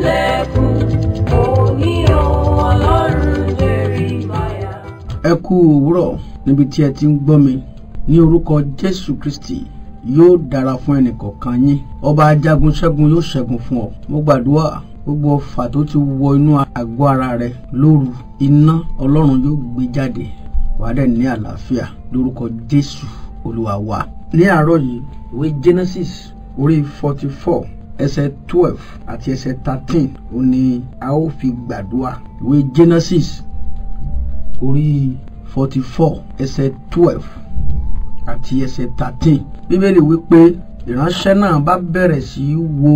ilẹ̀kùn òní ohun ọlọ́run Jerimaya. ẹ kú òwúrọ̀ níbi tí ẹ ti ń gbọ́ mi ní orúkọ Jésù Kristi yóò dára fún ẹnìkọ̀ọ̀kan yín ọba ajagun ṣẹ́gun yóò ṣẹ́gun fún ọ mo gbàdúrà gbogbo ọfà tó ti wọ inú àgọ́ ara rẹ lóru iná ọlọ́run yóò gbé jáde wàá dẹ̀ ní àlàáfíà lórúkọ Jésù Olúwa wa. ní àárọ̀ yìí ìwé Genesis orí forty four ẹsẹ̀ twelve àti ẹsẹ̀ thirteen ó ní a ó fi gbàdúrà ìwé Genesis orí forty four ẹsẹ̀ twelve àti ẹsẹ̀ thirteen bíbélì wípé ìránṣẹ́ náà bá bẹ̀rẹ̀ sí í wo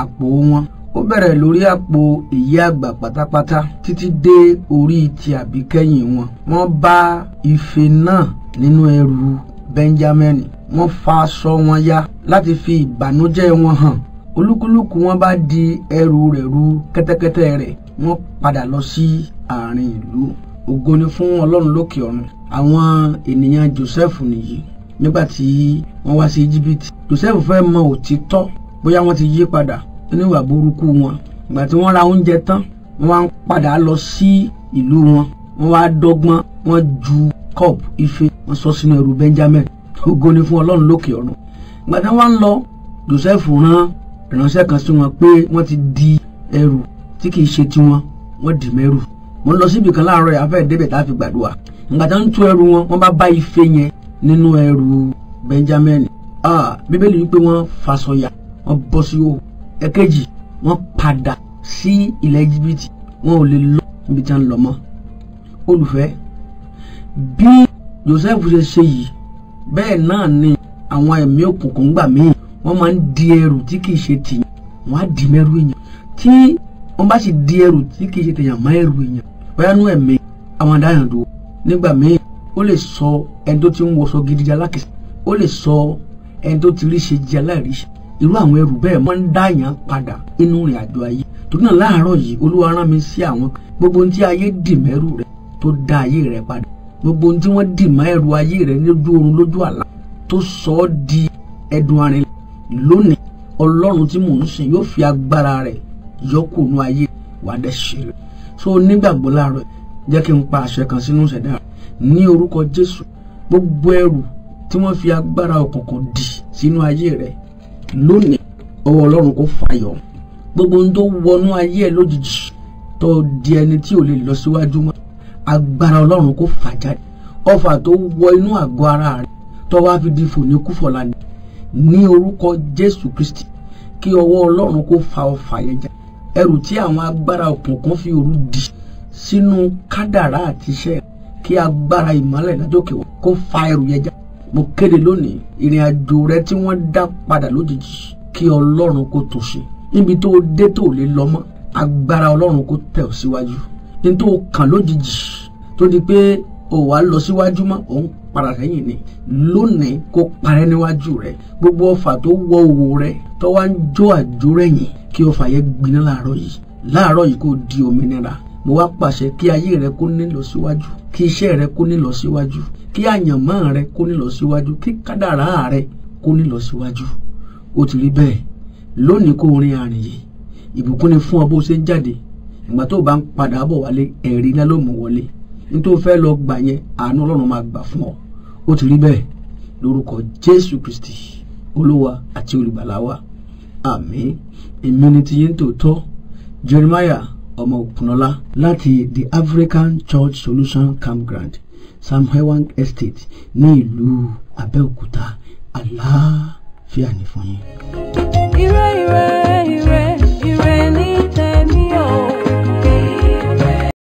àpò wọn ó bẹ̀rẹ̀ lórí àpò ìyá àgbà pátápátá títí dé orí ti àbíkẹ́yìn wọn wọ́n bá ife náà nínú ẹrù Benjamin wọ́n fa aṣọ wọn ya láti fi ìbànújẹ́ wọn hàn olúkúlùkù wọn bá di ẹrù rẹ̀ ru kẹ́tẹ́kẹ́tẹ́ rẹ̀ wọ́n padà lọ sí àárín ìlú ògo ni fún ọlọ́run lókè ọ̀run àwọn ènìyàn joseph nìyí nígbà tí wọ́n wá sí íjíbítì joseph fẹ́ mọ òtítọ́ bóyá wọ́n ti yí padà nínú ìwà burúkú wọn ìgbà tí wọ́n ra oúnjẹ tán wọ́n wá ń padà lọ sí ìlú wọn wọ́n wá dọ́gbọ́n wọ́n ju cup ife wọ́n sọ sínú ẹrù benjamin ògo ni fún ọlọ́run lókè ọ̀run ìgbà tí wọ́n wá ń lọ joseph rán ìránṣẹ́ kan sí wọn pé wọ́n ti di ẹrù tí kìí ṣe tiwọn wọ́n dì mẹ́rù wọ́n lọ síbi kan láàárọ̀ yà fẹ́ẹ́ débẹ̀ tá a fi gbàdúrà nígbà tá ń tú ẹrù wọn wọ́n bá bá ife yẹn nínú ẹrù Benjamin bíbélì wípé wọ́n fasọyà wọ́n bọ́ sí o ẹ̀kejì wọ́n padà sí ilẹ̀ jìbìtì wọn ò lè lọ níbi tí wọ́n ń lọ mọ́ olùfẹ́ bí Joseph ṣe ṣe yìí bẹ́ẹ̀ náà ni àwọn ẹ̀mí òkùnkùn gbà míì wọ́n máa ń di ẹrù tí kì í ṣe tìyàn wọ́n á di mẹ́rù èèyàn tí wọ́n bá sì di ẹrù tí kì í ṣe tìyàn mọ́ ẹrù èèyàn bóyá nú ẹ̀mí àwọn adáyàn dúró nígbà míì ó lè sọ ẹni tó ti ń wọṣọ gidi di alákìsí ó lè sọ ẹni tó ti rí ṣe di aláìríṣẹ́ irú àwọn ẹrù bẹ́ẹ̀ máa ń dáyàn padà nínú ìrìn àjò ayé torí náà láàárọ̀ yìí olúwa rán mi sí àwọn gbogbo ohun tí ayé dì mẹ́rù rẹ tó dá ayé rẹ padà gbogbo ohun tí wọ́n dì mọ́ ayé rẹ lójú oorun lójú àlá tó sọ ọ́ di ẹ̀dùn arìn lónìí ọlọ́run tí mò ń sìn yóò fi agbára rẹ̀ yọkù nú ayé wàá dẹ̀ so nígbàgbọ́ láàárọ̀ jẹ́ kí n pa àṣẹ kan sínú ìṣẹ̀dá rẹ̀ ní orúkọ jésù gbogbo ẹrù tí wọ́n fi agbára òkùnkùn dì sínú ayé rẹ̀ lónìí ọwọ́ ọlọ́run kò fàyọ̀ gbogbo ohun tó wọnú ayé ẹ lójijì tó di ẹni tí ò lè lọ síwájú mọ́ agbára ọlọ́run kò fà jáde ọfà tó wọ inú àgọ́ ara rẹ̀ tó wá fi di fòní kúfọ̀lá ni ní orúkọ jésù kristi kí ọwọ́ ọlọ́run kó fa ọfà yẹn já ẹrù tí àwọn agbára òkùnkùn fi òru dì sínú kádàrá àti iṣẹ́ kí agbára ìmọ́lẹ̀ lájókè wá kó fa ẹrù yẹn já mo kéde lónìí ìrìn àjò rẹ tí wọ́n dá padà lójijì kí ọlọ́run kó tó ṣe níbi tó dé tó lè lọ mọ́ agbára ọlọ́run kó tẹ̀ ọ́ síwájú ní tó kàn lójijì tó di pé ò wá lọ síwájú mọ́ ò ń para ni lónìí kó parẹ́ níwájú rẹ gbogbo ọfà tó wọ òwò rẹ tó wá ń jó àjò rẹ̀yìn kí ọfà yẹn gbiná láàárọ̀ yìí láàárọ̀ yìí kò di òmìnira mo wá pàṣẹ kí ayé rẹ kó ní lọ síwájú kí iṣẹ́ rẹ kó ní lọ síwájú kí àyànmọ́ rẹ kó ní lọ síwájú kí kádàrá rẹ kó ní lọ síwájú ó ti rí bẹ́ẹ̀ lónìí kó rin àrìn yìí ìbùkún ni fún ọ bó ṣe ń jáde ìgbà tó bá ń padà bọ̀ wálé ẹ̀rí ńlá wọlé n tó fẹ́ lọ gbà yẹn àánú ọlọ́run máa gbà fún ọ ó ti rí bẹ́ẹ̀ lórúkọ jésù kristi olúwa àti olùgbàlà wa èmi ni tiyín tòótọ́ jeremiah ọmọ òkunọlá láti the african church solution campground samhewan estate ní ìlú abẹ́òkúta àlàáfíà ní fún yín. ire ire.